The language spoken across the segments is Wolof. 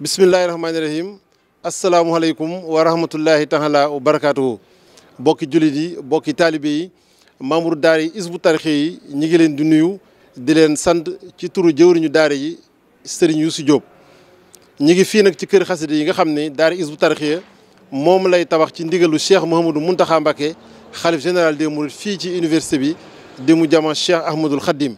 bisimillahi rahmaani rahim asalaamualeykum wa rahmatullahi taala wa barakaatuhu bokki jullit yi bokki taalibe yi membre daara yi isbu tarixé yi ñi ngi leen di nuyu di leen sant ci turu jëwriñu daara yi sëriñ si Diop ñi ngi fii nag ci kër xasida yi nga xam ni daara isbu tarixé moom lay tabax ci ndigalu cheikh Mouhamadou Mountakha Mbacké xalif général des mourides fii ci université bi di mu jama cheikh Ahmadul Khadim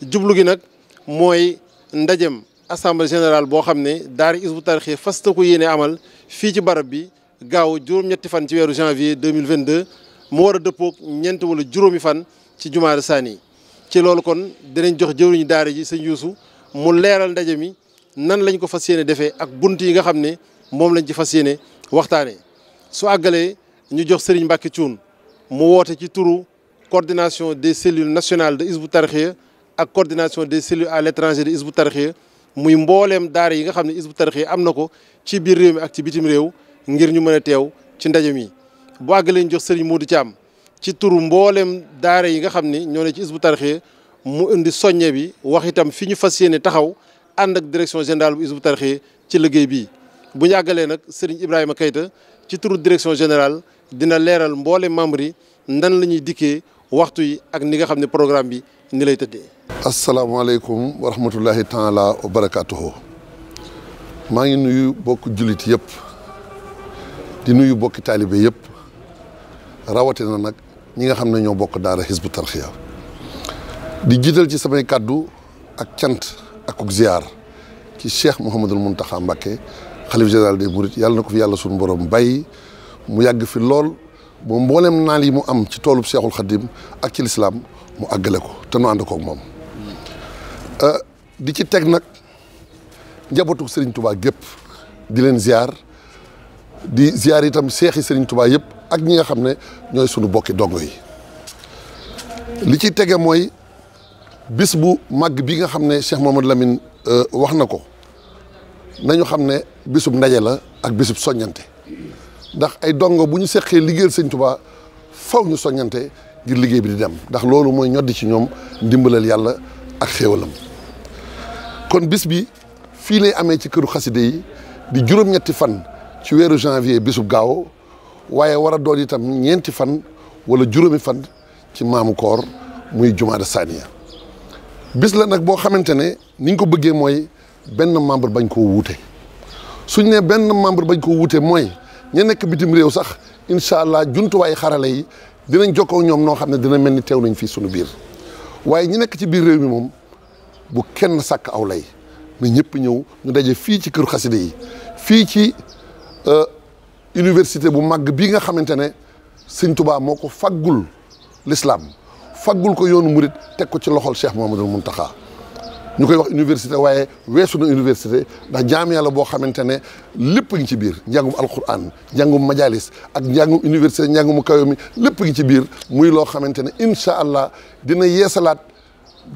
jublu gi nag mooy ndajem assemblée général boo xam ne daara Hizbut Tarqiyyah fas ko yéene amal fii ci barab bi gaaw juróom-ñetti fan ci weeru janvier 2022 mu war a dëppoog ñeent wala juróomi fan ci jumaada saani ci loolu kon dinañ jox jëwriñu daara ji sëñ Youssou mu leeral ndaje mi nan lañ ko fas yéene defee ak bunt yi nga xam ne moom lañ ci fas yéene waxtaanee su àggalee ñu jox Serigne Mbacke Thioune mu woote ci turu coordination des cellules nationales de Hizbut Tarqiyyah ak coordination des cellules à l'étranger de Hizbut Tarqiyyah muy mbooleem daara yi nga xam ne Hizbut Tarqiyyah am na ko ci biir réew mi ak ci bitim réew ngir ñu mën a teew ci ndaje mi bu àggalee jox sëriñ Modou Thiam ci turu mbooleem daara yi nga xam ni ñoo ne ci Hizbut Tarqiyyah mu indi soññe bi wax itam fi ñu fas yéene taxaw ànd ak direction générale bu Hizbut Tarqiyyah ci liggéey bi bu ñu àggalee nag sëriñ Ibrahima Keita ci turu direction général dina leeral mboole membre yi nan la ñuy dikkee waxtu yi ak ni nga xam ne programme bi ni lay tëddee. asalaamaaleykum wa rahmatullahi taala wa barakaatuhu maa ngi nuyu bokk jullit yépp di nuyu bokki yépp yëpp na nag ñi nga xam ne ñoo bokk daara Hizbu Tarxiya di jiital ci samay kàddu ak cant ak uk ziar ci Cheikh Mouhamadul Mountakha Mbacké xalif général des Mourides yàlla na ko fi yàlla suñu borom bàyyi mu yàgg fi lool. bu mboolem naal yi mu am ci toolub Seexul Xadim ak ci lislaam mu àggale ko te nu ànd koog moom euh, di ci teg nag njabootu sëriñ Touba gépp di leen ziar di ziar itam seexi Serigne Touba yëpp ak ñi nga xam ne ñooy sunu bokki dongo yi li ci tege mooy bis bu màgg bi nga xam ne Cheikh Mamadou Lamine euh, wax na ko nañu xam ne bisub ndaje la ak bisub soññante ndax ay dongo bu ñu seqee liggéeyal sëñ Tuubaa faw ñu soññante ngir liggéey bi di dem ndax loolu mooy ñoddi ci ñoom ndimbalal yàlla ak xéewalam kon bis bi fii lay amee ci këru xaside yi di juróom-ñetti fan ci weeru janvier bisub gaaw waaye wara a doon itam ñeenti fan wala juróomi fan ci maamu koor muy jumaada saaniya bis la nag boo xamante ne ni ñu ko bëggee mooy benn membre bañ koo wuute suñ ne benn membre bañ koo wuute mooy ñu nekk bitim réew sax incha allah jumtuwaay xarala yi dinañ jokkoo ñoom noo xam ne dina mel ni teew nañ fii suñu biir waaye ñu nekk ci biir réew mi moom bu kenn sàkk aw lay na ñëpp ñëw ñu daje fii ci këru xaside yi fii ci euh, université bu màgg bii nga xamante ne sëñ Tuubaa moo ko faggul lislaam faggul ko yoonu murit teg ko ci loxol Cheikh mun Mountakha ñu koy wax université waaye weesu na université ndax jaamiya la boo xamante ne lépp ngi ci biir njàngum alquran njàngum majalis ak njàngum université njàngum kawe mi lépp ngi ci biir muy loo xamante ne incha allah dina yeesalaat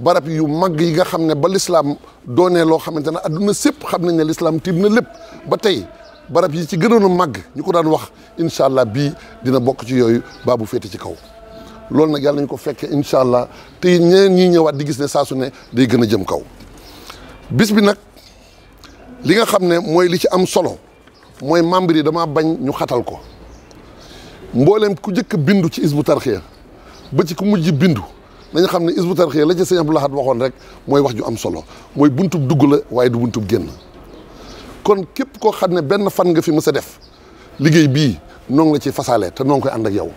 barab yu mag yi nga xam ne ba lislaam doonee loo xamante ne adduna sépp xam nañ ne lislaam tiim na lépp ba tey barab yi ci gënoon a màgg ñu ko daan wax incha allah bii dina bokk ci yooyu baabu féete ci kaw loolu nag yàlla nañu ko fekkee incha allah te ñeneen ñi ñëwaat di gis ne saasu ne day gën a jëm kaw bis bi nag li nga xam ne mooy li ci am solo mooy membre yi damaa bañ ñu xatal ko mbooleem ku njëkk bindu ci isbu tarxiya ba ci ku mujj bindu nañu xam ne isbu tarxiya la ci sëñ Abdou Lahad waxoon rek mooy wax ju am solo mooy buntub dugg la waaye du buntub génn kon képp koo xam ne benn fan nga fi mës sa def liggéey bii noo ngi la ci fasaale te noon ngi koy ànd ak yow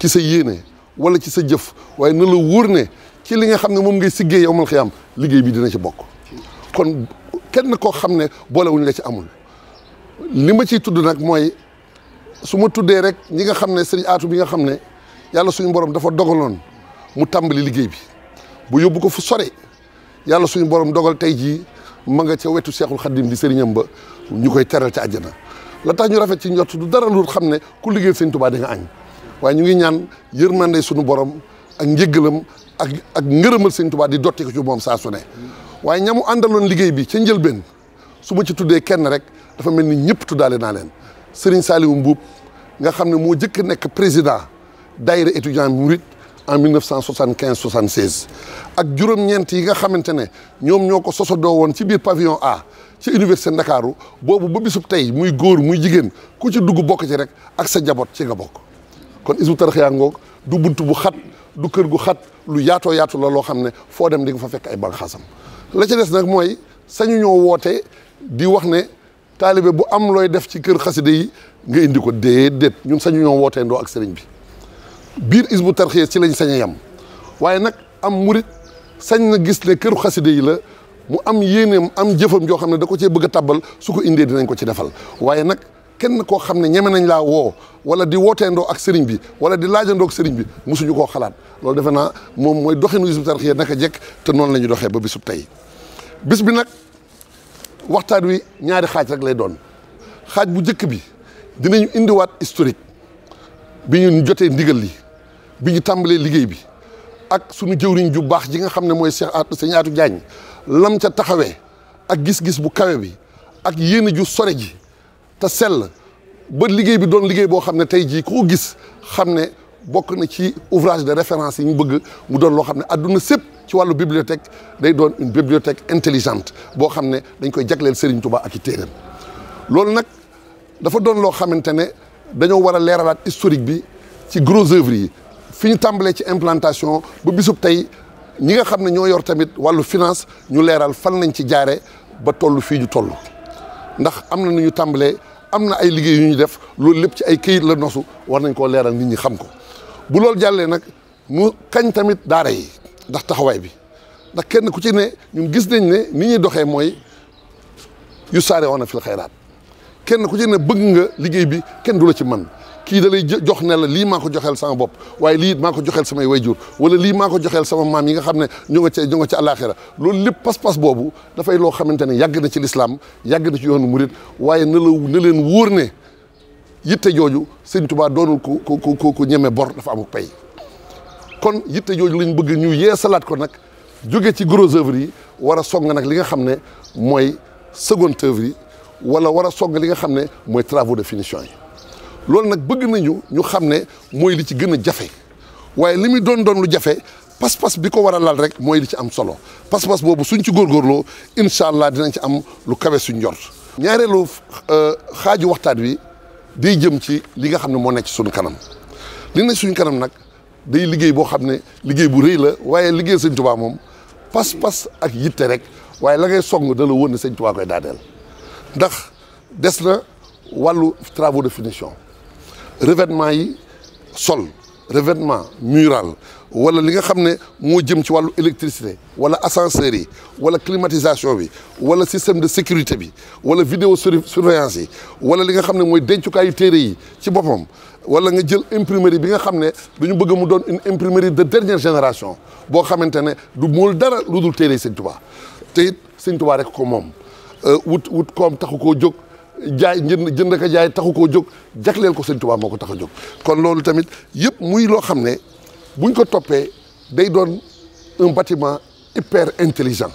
ci sa yéene. wala ci sa jëf waaye na la wóor ne ci li nga xam ne moom ngay siggee yow mal xiyaam liggéey bi dina ci bokk kon kenn koo xam ne boolewuñ la ci amul li ma ciy tudd nag mooy su ma tuddee rek ñi nga xam ne sëriñ aatu bi nga xam ne yàlla suñu borom dafa dogaloon mu tàmbali liggéey bi bu yóbbu ko fu sore yàlla suñu borom dogal tey jii ma nga ca wetu seexul xaddim di sëriñam ba ñu koy teral ca àjjana la tax ñu rafet ci njott du dara lu xam ne ku liggéey sëñ Tuubaa di nga añ waaye ñu ngi ñaan yër yërmande suñu borom ak njëggalam ak ak ngërëmal sëñ Tuubaa di dotti ko ci moom saa su ne waaye ñamu àndaloon liggéey bi ca njëlbeen su ma ci tuddee kenn rek dafa mel ni ñëpp tuddaale naa leen Serigne Saliou Mbuub nga xam ne moo jëkk nekk président daayira étudiant murit en 1975 76 ak juróom-ñeent yi nga xamante ne ñoom ñoo ko doo woon ci biir pavillon A ci université Ndakaaru boobu ba bisub tey muy góor muy jigéen ku ci dugg bokk ci rek ak sa jaboot ci nga bokk kon Hizbut Tarqiyyah ngoog du bunt bu xat du kër gu xat lu yaatoo yaatu la loo xam ne foo dem di fa fekk ay xasam la ci des nag mooy sañu ñoo woote di wax ne taalibe bu am looy def ci kër xaside yi nga indi ko déedéet ñun sañu wootee ndoo ak sëriñ bi biir Hizbut Tarqiyyah ci lañ sañ a waaye nag am murit sañ na gis ne këru xaside yi la mu am yéeneem am jëfam joo xam ne da ko cee bëgg a tàbbal su ko indee dinañ ko ci defal waaye nag kenn koo xam ne ñeme nañ laa woo wala di wootee ndoo ak sëriñ bi wala di laajandoo ak sëriñ bi mosuñu koo xalaat loolu defe naa moom mooy doxinu Hizbut Tarqiyyah naka jekk te noon la ñu doxee ba su tey bis bi nag waxtaan wi ñaari xaaj rek lay doon xaaj bu njëkk bi dinañu indiwaat historique bi ñu jotee ndigal li bi ñu tàmbalee liggéey bi ak suñu jëwriñ ju baax ji nga xam ne mooy Cheikh Atou Serigne Atou Diagne ca taxawee ak gis-gis bu kawe bi ak yéene ju sore ji te sell ba liggéey bi doon liggéey boo xam ne tey jii ko gis xam ne bokk na ci ouvrage de référence yi ñu bëgg mu doon loo xam ne àdduna sépp ci wàllu bibliothèque day doon une bibliothèque intelligente boo xam ne dañ koy jagleel Serigne Touba ak i téeréem loolu nag dafa doon loo xamante ne dañoo war a leeralaat historique bi ci gros œuvres yi fi ñu tàmbalee ci implantation ba bisub tey ñi nga xam ne ñoo yor tamit wàllu finance ñu leeral fan lañ ci jaare ba toll fii ñu toll ndax am na nu ñu tàmbalee am na ay liggéey yu ñu def loolu lépp ci ay këyit la nosu war nañ koo leeral nit ñi xam ko bu loolu jàllee nag mu kañ tamit daara yi ndax taxawaay bi ndax kenn ku ci ne ñun gis nañ ne ni ñuy doxee mooy yu saare woon na fil xayraat kenn ku ci ne bëgg nga liggéey bi kenn du la ci man kii da lay jox ne la lii maa ko joxeel sama bopp waaye lii maa ko joxeel samay wayjur wala lii maa ko joxeel sama maam yi nga xam ne ñu nga ca ñu nga loolu lépp pas-pas boobu dafay loo xamante ne yàgg na ci lislaam yàgg na ci yoonu murit waaye na la na leen wóor ne yitte jooju sëñ Tuubaa doonu ku ku ku ku ñeme bor dafa amul pay kon yitte jooju lañ bëgg ñu salaat ko nag jóge ci gros œuvre yi war a song nag li nga xam ne mooy second œuvre wala war a sogg li nga xam ne mooy travaux de finition yi loolu nag bëgg nañu ñu xam ne mooy li ci gën a jafe waaye li muy doon doon lu jafe pas-pas bi ko war a lal rek mooy li ci am solo pas-pas boobu suñ ci góorgóorloo incha allah dinañ ci am lu kawe suñ njort. ñaareelu euh, xaaju waxtaan wi day jëm ci li nga xam ne moo nekk suñ kanam li nekk suñu kanam nag day liggéey boo xam ne liggéey bu rëy la waaye liggéey sëñ tubaa moom pas-pas ak yitte rek waaye la ngay da la wóor ne sëñ Tuubaa ndax des na wàllu travaux de finition revêtement yi sol revêtement mural wala li nga xam ne moo jëm ci wàllu électricité wala ascenseurs yi wala climatisation bi wala système de sécurité bi wala vidéo surveillance yi wala li nga xam ne mooy dencukaayu téere yi ci boppam wala nga jël imprimerie bi nga xam ne ñu bëgg mu doon une imprimerie de dernière génération boo xamante ne du mool dara lu dul téere yi Sëñ Tuubaa te it Sëñ rek ko moom Euh, wut wut koom taxu koo jóg jaay jënd jënd ka jaay taxu koo jóg jagleel ko sëñ Tuubaa moo ko tax a jóg kon loolu tamit yëpp muy loo xam ne buñ ko toppee day doon un bâtiment hyper intelligent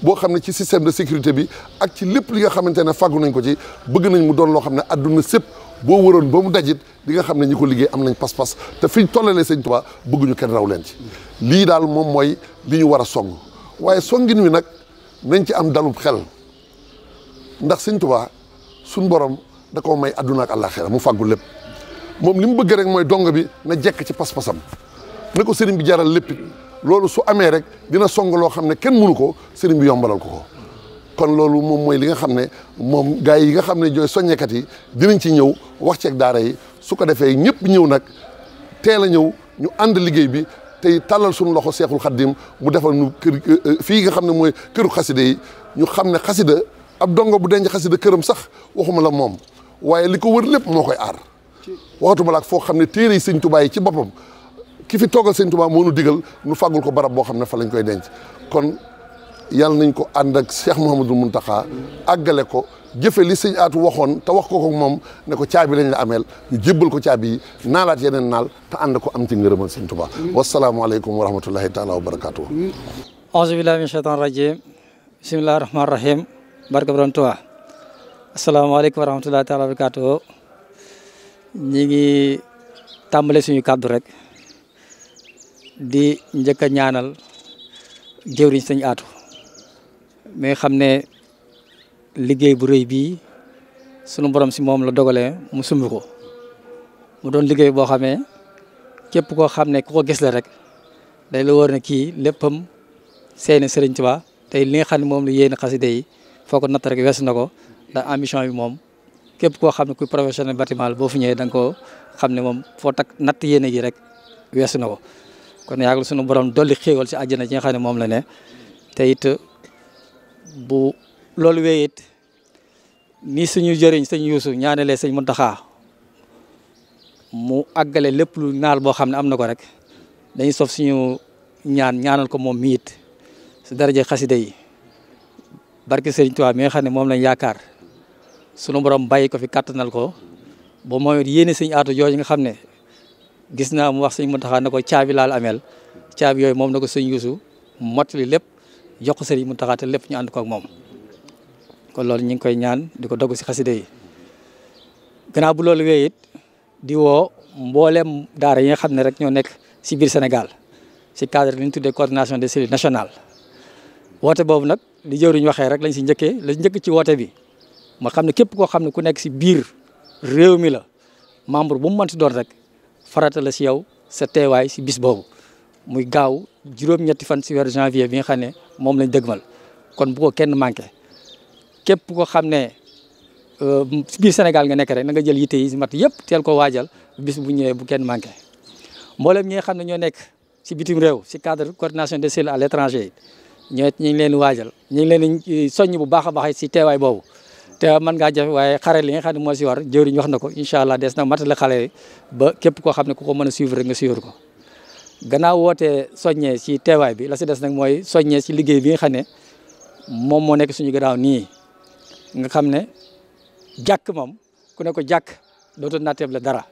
boo xam ne ci système de sécurité bi ak ci lépp li nga xamante ne fàggu nañ ko ci bëgg nañ mu doon loo xam ne àdduna sépp boo waroon ba mu dajit di nga xam ne ñi ko liggéey am nañ pas-pas te fi ñu tollalee sëñ Tuubaa bëgguñu kenn raw leen ci lii daal moom mooy li ñu war a song waaye songin wi nag nañ ci am dalub xel ndax sëñ tubaa suñ borom da koo may adduna ak àllaaxira mu fàggu lépp moom li mu bëgg rek mooy dong bi na jekk ci pas-pasam ne ko sëriñ bi jaral lépp loolu su amee rek dina song loo xam ne kenn mënu ko sëriñ bi yombalal ko ko kon loolu moom mooy li nga xam ne moom gars yi nga xam ne ñooy soññekat yi dinañ ci ñëw wax ceeg daara yi su ko defee ñëpp ñëw nag teel a ñëw ñu ànd liggéey bi tey tàllal suñu loxo seexul xaddim mu defal ñu kër euh, fii nga xam ne mooy këru xasida yi ñu xam ne xasida ab dongo bu denc xasida këram sax waxuma la moom waaye li ko wër lépp moo koy aar waxatuma la ak foo xam ne téere yi sëñ yi ci boppam ki fi toogal sëñ Tuubaa moo nu digal nu fàggul ko barab boo xam ne fa lañ koy denc kon yal nañ ko ànd ak Cheikh Mouhamadul taxa àggale ko jëfe li sëñ aatu waxoon te wax ko ko moom ne ko caabi lañ la ameel ñu jébbal ko caabi yi naalaat yeneen naal te ànd ko am ci ngërëmal sëñ Tuubaa wasalaamualeykum wa rahmatullahi taala wa barakaatu. auzu billahi min shaytaan rajim bismillahi rahmaani rahim barke borom Tuubaa asalaamaaleykum wa rahmatullahi taala wa barakaatu ñi ngi tàmbale suñu kàddu rek di njëkk a ñaanal jëwriñ sañ aatu mais xam ne liggéey bu rëy bii sunu borom si moom la dogalee mu sumb ko mu doon liggéey boo xamee képp koo xam ne ku ko gis la rek day la wóor ne kii léppam seeni Sëriñ Tuubaa tey li nga xam ne moom la yéen xaside yi foo ko natt rek weesu na ko ndax ambition yi moom képp koo xam ne kuy professionnel bâtiment la boo fi ñëwee da nga koo xam ne moom foo tak natt yéene gi rek weesu na ko kon yàggal suñu borom dolli xéewal si àjjana ci nga ne moom la ne te it bu loolu wéy it suñu jëriñ sëñ Yuusu ñaanalee sëñ Muntaxa mu àggale lépp lu naal boo xam ne am na ko rek dañuy sof suñu ñaan ñaanal ko moom miit su daraje xasida yi barke Serigne Touba mi nga xam ne moom lañ yaakaar sunu borom bàyyi ko fi kàttanal ko ba mooy yéene sëñ aatu jooju nga xam ne gis naa mu wax sëñ Mountakha na ko caabi laal ameel caabi yooyu moom na ko sëñ Youssou mottali lépp jox ko sëriñ Mountakha te lépp ñu ànd ko moom kon loolu ñu ngi koy ñaan di ko dogg si xaside yi bu lool wéy di woo mboolem daara yi nga xam ne rek ñoo nekk si biir Sénégal si cadre li ñu tuddee coordination des cellules national woote boobu nag li jëwriñ waxee rek lañ si njëkkee lañ njëkk ci woote bi ma xam ne képp koo xam ne ku nekk si biir réew mi la membre bu mu mënti doon rek farata la si yow sa teewaay si bis boobu muy gaaw juróom-ñetti fan si weeru janvier bi nga xam ne moom lañ dëgmal kon bu kenn manqué képp koo xam ne euh, si biir Sénégal nga nekk rek na nga jël yitte yi si mat yëpp teel ko waajal bis bu ñëwee bu kenn manqué moo ñi nga xam ne ñoo nekk si bitim réew si cadre coordination des cellules à l'étranger ñoo ñu ngi leen waajal ñu ngi leen di eh, soññ bu baax a baax si teewaay boobu te mën ngaa jafe waaye xare li nga xam ne moo si war jëwriñ wax na ko incha allah des na matale xale ba képp koo xam ne ku ko mën a suivre rek nga suivre ko gannaaw wootee soññee si teewaay bi la si des nag mooy soññee si liggéey bi nga xam ne moom moo nekk suñu gannaaw nii nga xam ne jàkk moom ku ne ko jàkk dootul natteeb la dara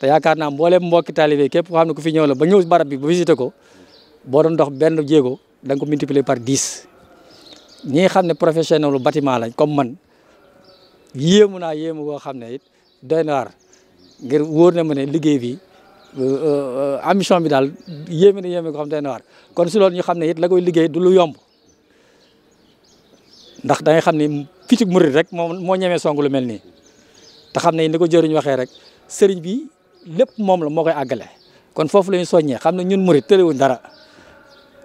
te naa mbooleem mbokki taalibe képp koo xam ne ku fi ñëw la ba ñëw barab bi ba visité ko boo doon dox benn jéego da nga ko multiplier par dix ñi nga xam ne professionnel lu bâtiment lañ comme man yéemu naa yéemu goo xam ne it doy na war ngir wóor na ma ne liggéey bi euh, euh, ambition bi daal yéeme na yéeme koo xam doy na kon si loolu ñu xam ne it la koy liggéey du lu yomb ndax da xam ne fitig murid rek moom moo ñemee song lu mel nii te xam ne ni ko jëriñ waxee rek sëriñ bi lépp moom la moo koy àggale kon foofu la ñu soññee xam ne ñun murid tëlewuñ dara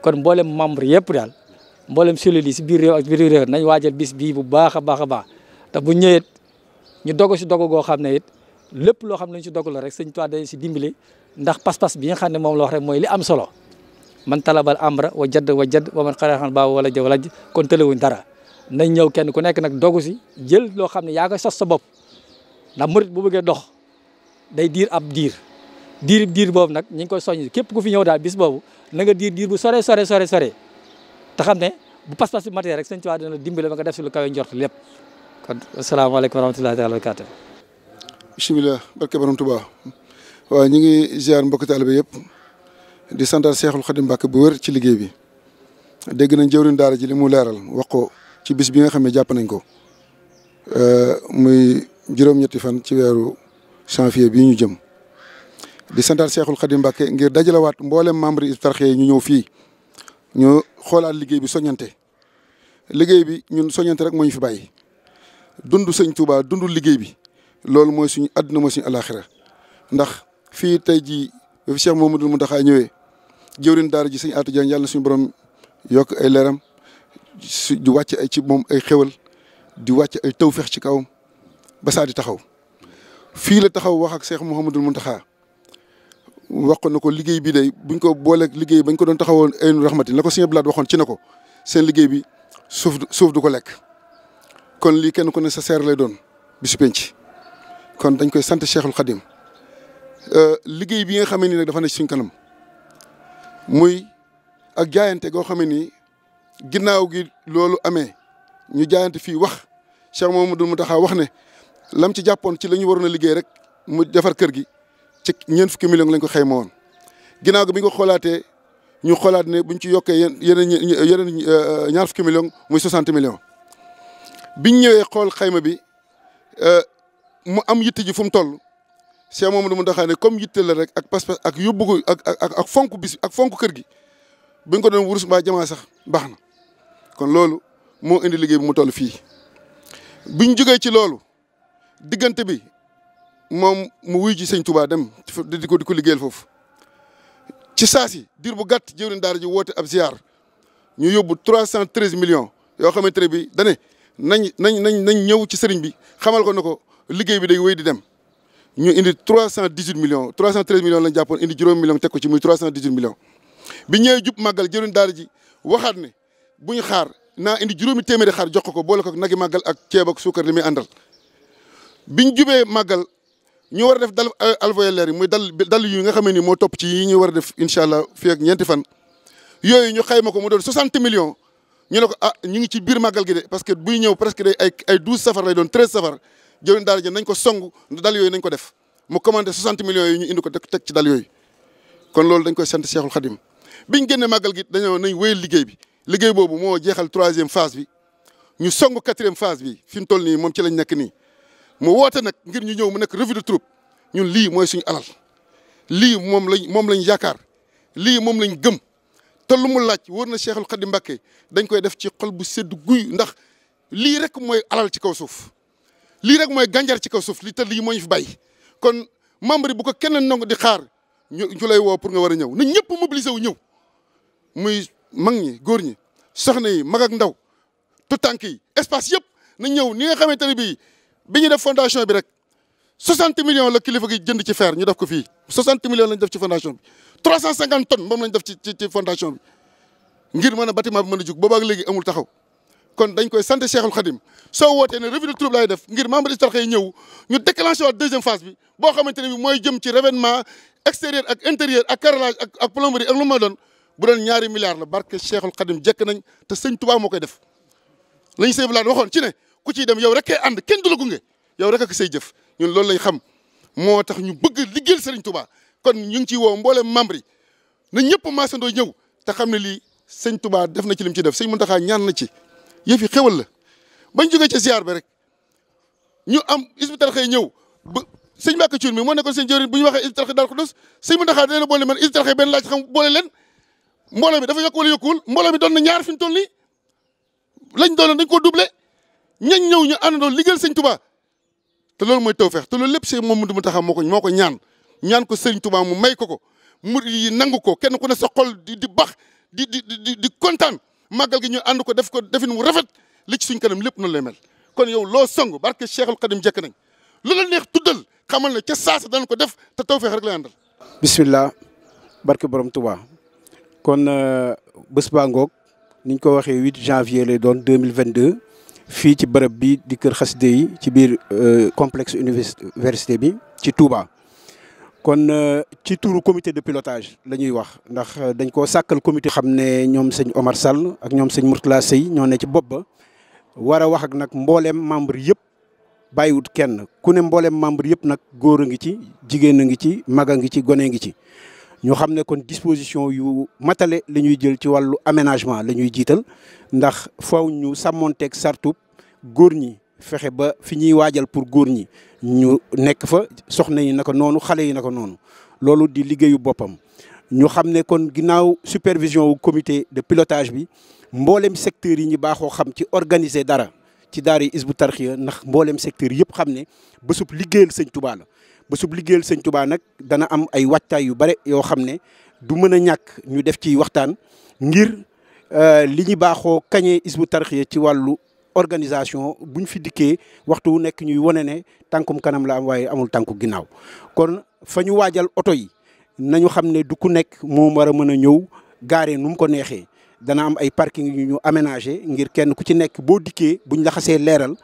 kon mbooleem membre yëpp daal mboolem cellules yi si biir réew ak biir réew nañ waajal bis bii bu baax a baax a baax te bu ñëwee ñu dogu si dogu goo xam ne it lépp loo xam ne ñu si dogu la rek sëñ Tuubaa day si dimbali ndax pas bi nga xam ne moom loo rek mooy li am solo man talabal amra wa jadd wa jadd wa man xaraxan baa wala jaw laj kon tëlewuñ dara nañ ñëw kenn ku nekk nag dogu si jël loo xam ne yaa koy sos sa bopp ndax murit bu bëggee dox day diir ab diir diirib diir boobu nag ñu ngi koy soññ képp ku fi ñëw daal bis boobu na nga diir bu sore sore sore sore te xam ne bu pas-pas bi matee rek sëñ Tuubaa dina dimbale ba nga def si lu kawe njort lépp kon asalaamaaleykum wa rahmatullahi taala wa barakaatu bisimilah barke ñu ngi ziar mbokk taalibe yëpp di santal Seexul Xadim mbakk bu wér ci liggéey bi dégg nañ jëwriñ daara ji li mu leeral wax ko ci bis bi nga xam ne jàpp nañ ko euh, muy juróom-ñetti fan ci weeru janvier bii ñu jëm di santaat Cheikhul Khadim Mbacke ngir dajalawaat mboolem membre Hizbut Tarqiyyah ñu ñëw fii ñu xoolaat liggéey bi soññante liggéey bi ñun soññante rek moo ñu fi bàyyi dund sëñ Touba dund liggéey bi loolu mooy suñu àdduna mooy suñu alaxira ndax fii tey jii ba fi Cheikh mun Mountakha ñëwee jëwrin daara ji sëñ Atou Diagne yàlla suñu borom yokk ay leeram su di wàcc ay ci moom ay xéwal di wàcc ay feex ci kaw ba saa di taxaw fii la taxaw wax ak Cheikh Mouhamadou Mountakha wax na ko liggéey bi day buñ ko booleeg liggéey bañ ko doon taxawoon aynu rahmatin la ko sëñ Blaat waxoon ci na ko seen liggéey bi suuf suuf du ko lekk kon lii kenn ko ne sa seer lay doon bisu penc kon dañ koy sant Cheikhul Khadim euh, liggéey bi nga xamee nii nag dafa ne suñ muy ak jaayante goo xamee ni ginnaaw gi loolu amee ñu jaayante fii wax Cheikh Mamadou Mountakha wax ne lam ci jàppoon ci la ñu waroon a liggéey rek mu defar kër gi ci ñeent fukki million lañ ko xayma woon ginnaaw gi bi ñu ko xoolaatee ñu xoolaat ne buñ ci yokkee yeneen yeneen euh, ñaar fukki million muy 60 millions biñ ñëwee xool xayma bi euh, mu am yitte ji fu mu toll Cheikh Mamadou Mountakha ne comme yitte la rek ak pas-pas ak yóbbu ko ak ak ak fonk bis ak fonk kër gi buñ ko doon wurus mbaa jamaa sax baax na kon loolu moo indi liggéey bi mu toll fii biñ jógee ci loolu diggante bi moom mu wuy ji sëñ Touba dem di ko di ko liggéeyal foofu ci saasi diir bu gàtt jëwriñ daara ji woote ab ziar ñu yóbbu trois cent treize million yoo xamante ne bi dane nañ nañ nañ nañ ñëw ci sëriñ bi xamal ko ne ko liggéey bi day wéy di dem ñu indi trois cent dix huit millions trois cent treize millions lañ jàppoon indi juróomi millions teg ci muy trois cent dix huit millions bi ñëwee jub màggal jëwriñ daara ji waxaat ne bu ñu xaar naa indi juróomi téeméeri xaar jox ko boole ko nagi màggal ak ceeb ak suukar li muy àndal biñ jubee màggal ñu war a def dal alvoyer euh, leer yi muy dal dal yu nga xam ne nii moo topp ci yi ñu war a def incha allah fii ak ñeenti fan yooyu ñu xayma ko mu doon 60 million ñu ne ko ah ñu ngi ci biir màggal gi de parce que buy ñëw presque day ay ay 12 safar lay doon 13 safar jëwin daal ja nañ ko song dal yooyu nañ ko def mu commandé 60 millions yooyu ñu indi ko teg ci dal yooyu kon loolu dañ koy sant Cheikhul Khadim biñ génnee màggal gi dañoo nañ wéyal liggéey bi liggéey boobu moo jeexal troisième phase bi ñu song quatrième phase bi fi mu toll nii ci lañ nekk nii mu woote nag ngir ñu ñëw mu nekk revue de troupe ñun lii mooy suñu alal lii moom lañ moom lañ yaakaar lii moom lañ gëm te lu mu laaj wóor na Cheikhul Khadim Mbacké dañ koy def ci xol bu sedd guy ndax lii rek mooy alal ci kaw suuf lii rek mooy gànjar ci kaw suuf li te lii moo ñu fi bàyyi kon membre bu ko kenn nangu di xaar ñu ñu lay woo pour nga war a ñëw na ñëpp mobiliser wu ñëw muy mag ñi góor ñi soxna yi mag ak ndaw tutànk yi espace yëpp na ñëw ni nga xamante ne bii bi ñu def fondation bi rek 60 millions la kilifa gi jënd ci fer ñu def ko fii 60 millions lañ def ci fondation bi 350 tonnes moom lañ def ci ci ci fondation bi ngir mën a bâtiment bi mën a jug boobaag léegi amul taxaw kon dañ koy sant Cheikhul Khadim soo wootee ne revue de troupe laay def ngir membre yi tarxee ñëw ñu déclenché waat deuxième phase bi boo xamante ni bi mooy jëm ci revêtement extérieur ak intérieur ak carrelage ak ak plomberie ak lu ma doon bu doon ñaari jekk nañ te sëñ Tuubaa moo koy def lañ sëñ Bilane waxoon ci ne. ku ciy dem yow rek kay ànd kenn du la gunge yow rek ak say jëf ñun loolu lañ xam moo tax ñu bëgg liggéeyal Serigne Touba kon ñu ngi ciy woo mboole membre yi na ñëpp maasandoo ñëw te xam ne lii sëñ Touba def na ci lim ci def sëñ Mountakha ñaan na ci yëf yi xewal la bañ jógee ci ziar ba rek ñu am isbital xëy ñëw ba sëñ Mbacke Cuun mi moo nekkoon seen jëriñ bu ñu waxee isbital xëy daal ko dos sëñ Mountakha dina boole man isbital xëy benn laaj xam boole leen mbooloo mi dafa yokk wala yokkuwul mbooloo mi doon na ñaar fi tol toll nii lañ doon dañ koo doublé ñañ ñëw ñu àndandoo liggéeyal sëñ Touba te loolu mooy tawfeex te loolu lépp Cheikh Mamadou Mountakha moo ko moo ko ñaan ñaan ko sëñ Touba mu may ko ko mu yi nangu ko kenn ku ne sa xol di di baax di di di di kontaan màggal gi ñu ànd ko def ko defin mu rafet li ci suñ kanam lépp noonu lay mel. kon yow loo song barke Cheikhul Khadim jekk nañ lu la neex tuddal xamal ne ca saasa danañ ko def te feex rek lay àndal. bismillah barke borom Touba kon euh, bés baa ngoog ni ñu ko waxee 8 janvier lay doon 2022. fii ci bërëb bi di kër xaside yi ci biir euh, complexe université bi ci Touba. kon euh, ci turu comité de pilotage lañuy wax ndax euh, dañ koo sàkkal comité. xam ne ñoom sëñ Omar Sall ak ñoom sëñ Mourtala Sey ñoo ne ci bopp ba war a wax ak nag mbooleem membre yëpp bàyyiwut kenn ku ne mbooleem membre yëpp nag góor a ngi ci jigéen a ngi ci mag a ngi ci gone ngi ci. ñu xam ne kon disposition yu matale la ñuy jël ci wàllu aménagement la ñuy jiital ndax faw ñu sàmmonteeg sartub góor ñi fexe ba fi ñuy waajal pour góor ñi ñu nekk fa soxna yi naka noonu xale yi naka noonu loolu di liggéeyu boppam ñu xam ne kon ginnaaw supervision wu comité de pilotage bi mboolem secteur yi ñu baaxoo xam ci organiser dara ci daara yi Hizbut Tarqiyyah ndax mbooleem secteur yëpp xam ne ba bésub liggéeyal sëñ tubaala ba sub liggéeyal sëñ Tuubaa nag dana am ay waajtaay yu bare yoo xam ne du mën a ñàkk ñu def ci waxtaan ngir euh, li ñu baaxoo kañee isbu tarxiya ci wàllu organisation buñ fi dikkee waxtu wu nekk ñuy wane ne tànkum kanam la am waaye amul tànku ginnaaw kon fa ñu waajal oto yi nañu xam ne du ku nekk moom war a mën a ñëw gaare nu mu ko neexee dana am ay parking yu ñu aménagé ngir kenn ku ci nekk boo dikkee buñ la xasee leeral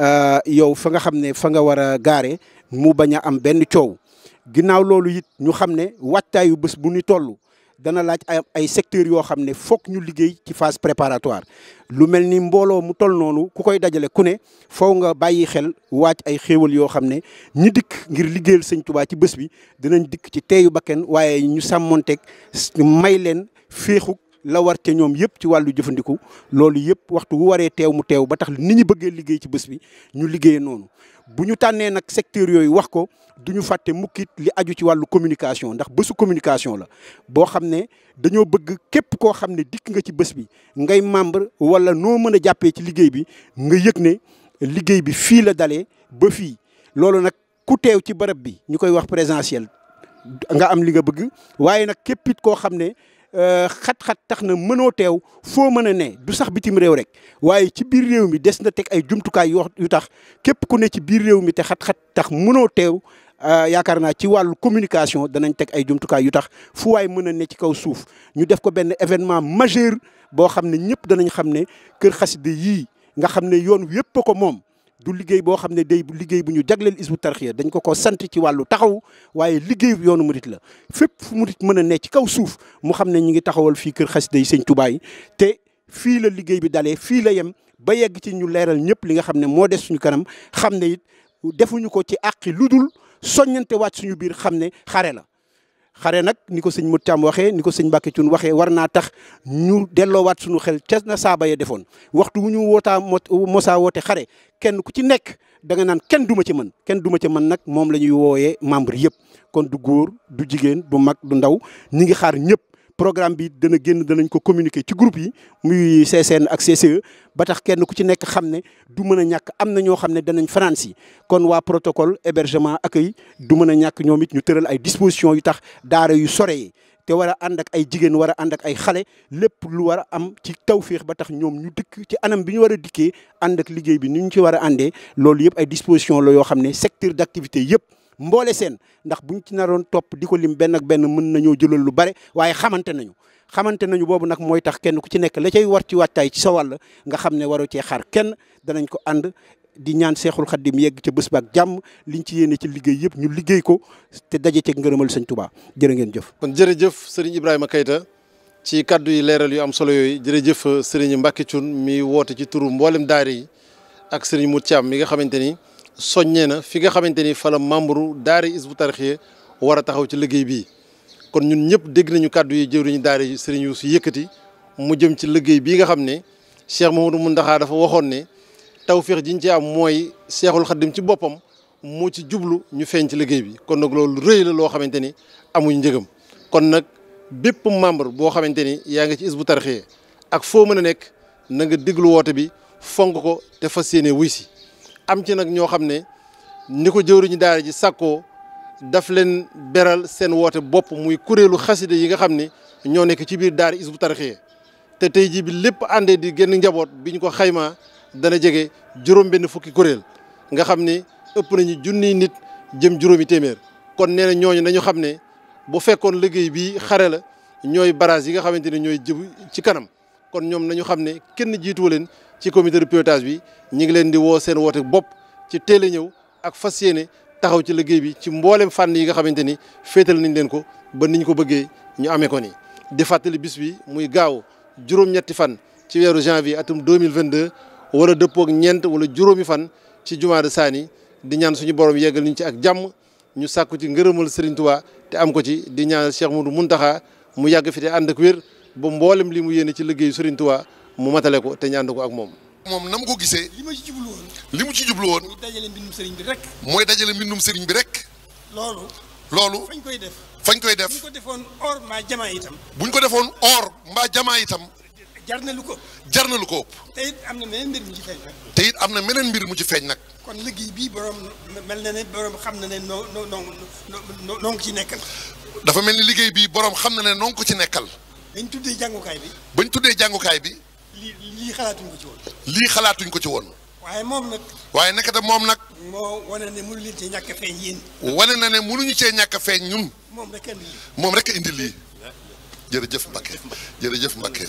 Euh, yow fa nga xam ne fa nga war a gaare mu bañ a am benn coow ginnaaw loolu it ñu xam ne wattaayu bés bu ñu toll dana laaj ay ay secteurs yoo xam ne foog ñu liggéey ci phase préparatoire lu mel ni mbooloo mu toll noonu ku koy dajale ku ne faw nga bàyyi xel waaj ay xéewal yoo xam ne ñu dikk ngir liggéeyal sëñ Tuubaa ci bés bi dinañ dikk ci teeyu bakken waaye ñu sàmmonteeg may leen féexuk la war ca ñoom yëpp ci wàllu jëfandiku loolu yëpp waxtu wu waree teew mu teew ba tax ni ñu bëggee liggéey ci bés bi ñu liggéeyee noonu bu ñu tànnee nag secteur yooyu wax ko du ñu fàtte mukkit li aju ci wàllu communication ndax bésu communication la boo xam ne dañoo bëgg képp koo xam ne dikk nga ci bës bi ngay membre wala noo mën a jàppee ci liggéey bi nga yëg ne liggéey bi fii la dalee ba fii loolu nag ku teew ci barab bi ñu koy wax présentiel nga am li nga bëgg waaye nag képp koo xam ne Euh, xat-xat tax na mënoo teew foo mën a ne du sax bitim réew rek waaye ci biir réew mi des na teg ay jumtukaay yoo yu tax képp ku ne ci biir réew mi te xat-xat tax mënoo teew euh, yaakaar naa ci wàllu communication danañ teg ay jumtukaay yu tax fu waay mën a ne ci kaw suuf ñu def ko benn événement majeur boo xam ne ñëpp danañ xam ne kër xasida yii nga xam ne yoon yëpp ko moom du liggéey boo xam ne day liggéey bu ñu jagleel isbu tarxiya dañ ko ko sant ci wàllu taxaw waaye liggéey yoonu murit la fépp fu murit mën a ne ci kaw suuf mu xam ne ñu ngi taxawal fii kër xasida yi sëñ Tuubaa yi te fii la liggéey bi dalee fii la yem ba yegg ci ñu leeral ñëpp li nga xam ne moo des suñu kanam xam ne it defuñu ko ci àqi lu dul soññante waat suñu biir xam ne xare la xare nag ni ko sëñ mu tam waxee ni ko sëñ Mbàkke Cuun waxee war naa tax ñu delloowaat suñu xel tees na saaba ya defoon waxtu wu ñu wootaa mosaa woote xare kenn ku ci nekk danga nan naan kenn duma ci mën kenn duma ci mën nag moom la ñuy wooyee membre yëpp kon du góor du jigéen du mag du ndaw ñi ngi xaar ñëpp programme bi dana génn danañ ko communiquer ci groupe yi muy CCN ak CCE ba tax kenn ku ci nekk xam ne du mën a ñàkk am na ñoo xam ne danañ France yi kon waa protocole hébergement accueil du mën a ñàkk ñoom it ñu tëral ay dispositions yu tax daara yu sore yi te war a ànd ak ay jigéen war a ànd ak ay xale lépp lu war a am ci taw tawféex ba tax ñoom ñu dikk ci anam bi ñu war a dikkee ànd ak liggéey bi nu ñu ci war a àndee loolu yëpp ay dispositions la yoo xam ne secteur d'activité yëpp. mboole seen ndax buñ ci naroon topp di ko lim benn ak benn mën nañoo jëlal lu bare waaye xamante nañu xamante nañu boobu nag mooy tax kenn ku ci nekk la cay war ci waajtaay ci sa wàll nga xam ne waroo cee xaar kenn danañ ko ànd di ñaan seexul xaddim yegg ci bés ba ak jàmm liñ ci yéene ci liggéey yëpp ñu liggéey ko te daje ceeg ngërëmal sëñ Tuubaa jërë ngeen jëf. kon jërëjëf sëriñ Ibrahima Keita ci kaddu yi leeral yu am solo yooyu jërëjëf sëriñ Mbacke Thioune mi woote ci turu mboolem yi ak sëriñ Moutiam mi nga xamante ni soññee na fi nga xamante ni fa la membre daara Hizbut Tarqiyyah war a taxaw ci liggéey bii kon ñun ñëpp dégg nañu kàddu yi jëwriñu daara yi Serigne Youssou yëkkati mu jëm ci liggéey bi nga xam ne Cheikh Mouhamadou Mountakha dafa waxoon ne tawféex ji ñu ci am mooy Cheikhul Khadim ci boppam mu ci jublu ñu feeñ ci liggéey bi kon nag loolu rëy la loo xamante ni amuñ njëgam kon nag bépp membre boo xamante ni yaa ngi ci Hizbut Tarqiyyah ak foo mën a nekk na nga déglu woote bi fonk ko te fas yéene wuy si am ci nag ñoo xam ne ni ko jëwriñu daar ji sàkkoo daf leen beral seen woote bopp muy kuréelu xaside yi nga xam ne ñoo nekk ci biir daara isbu tarxiya te tey jii bi lépp àndee di génn njaboot bi ñu ko xaymaa dana jege juróom-benn fukki kuréel nga xam ne ëpp nañu junniy nit jëm juróomi téeméer kon nee na ñooñu xam ne bu fekkoon liggéey bi xarela ñooy barrage yi nga xamante ne ñooy jëm ci kanam kon ñoom nañu xam ne kenn jiituwu leen ci comité de pilotage bi ñu ngi leen di woo seen woote bopp ci teel a ñëw ak fas yéene taxaw ci liggéey bi ci mboolem fànn yi nga xamante ni féetal nañ leen ko ba niñ ko bëggee ñu amee ko ni di fàttali bis bi muy gaaw juróom-ñetti fan ci weeru janvier atum 2022 wala dëppook ñeent wala juróomi fan ci jumaa de saani di ñaan suñu borom yeggal ñu ci ak jàmm ñu sàkku ci ngërëmal Serigne Touba te am ko ci di ñaanal Cheikh Moudou Mountakha mu yàgg fi te ànd ak wér ba mboolem li mu yéene ci liggéeyu Serigne mu matale ko te ñu ànd ko ak moom. moom na mu ko gisee. li ma ci jublu woon. li mu ci jublu woon. mooy dajale mbindum sëriñ bi rek. mooy dajale mbindum sëriñ bi rek. loolu. loolu fañ koy def. fañ koy def bu ñu ko defoon or mbaa jamaa itam. ko defoon or mbaa jamaa itam. jar na lu ko. jar na ko ëpp. te it am na meneen mbir mu ci feeñ nag. te it am na meneen mbir mu ci feeñ nag. kon liggéey bii borom mel na ne borom xam na ne noo noo noo noo ngi ci nekkal. dafa mel ni liggéey bi borom xam na ne noo ko ci nekkal. bañ tuddee jàngukaay bi. bañ tuddee jàngukaay bi. lii xalaatuñ ko ci woon. lii xalaatuñ ko ci woon. waaye moom nag. waaye naka te moom nag. moo wane ne mënuñu cee ñàkk a feeñ yéen. wane na ne mënuñu cee ñàkk a feeñ ñun. moom rek indi lii. moom rek indi lii. jërëjëf Mbacke jërëjëf Mbacke.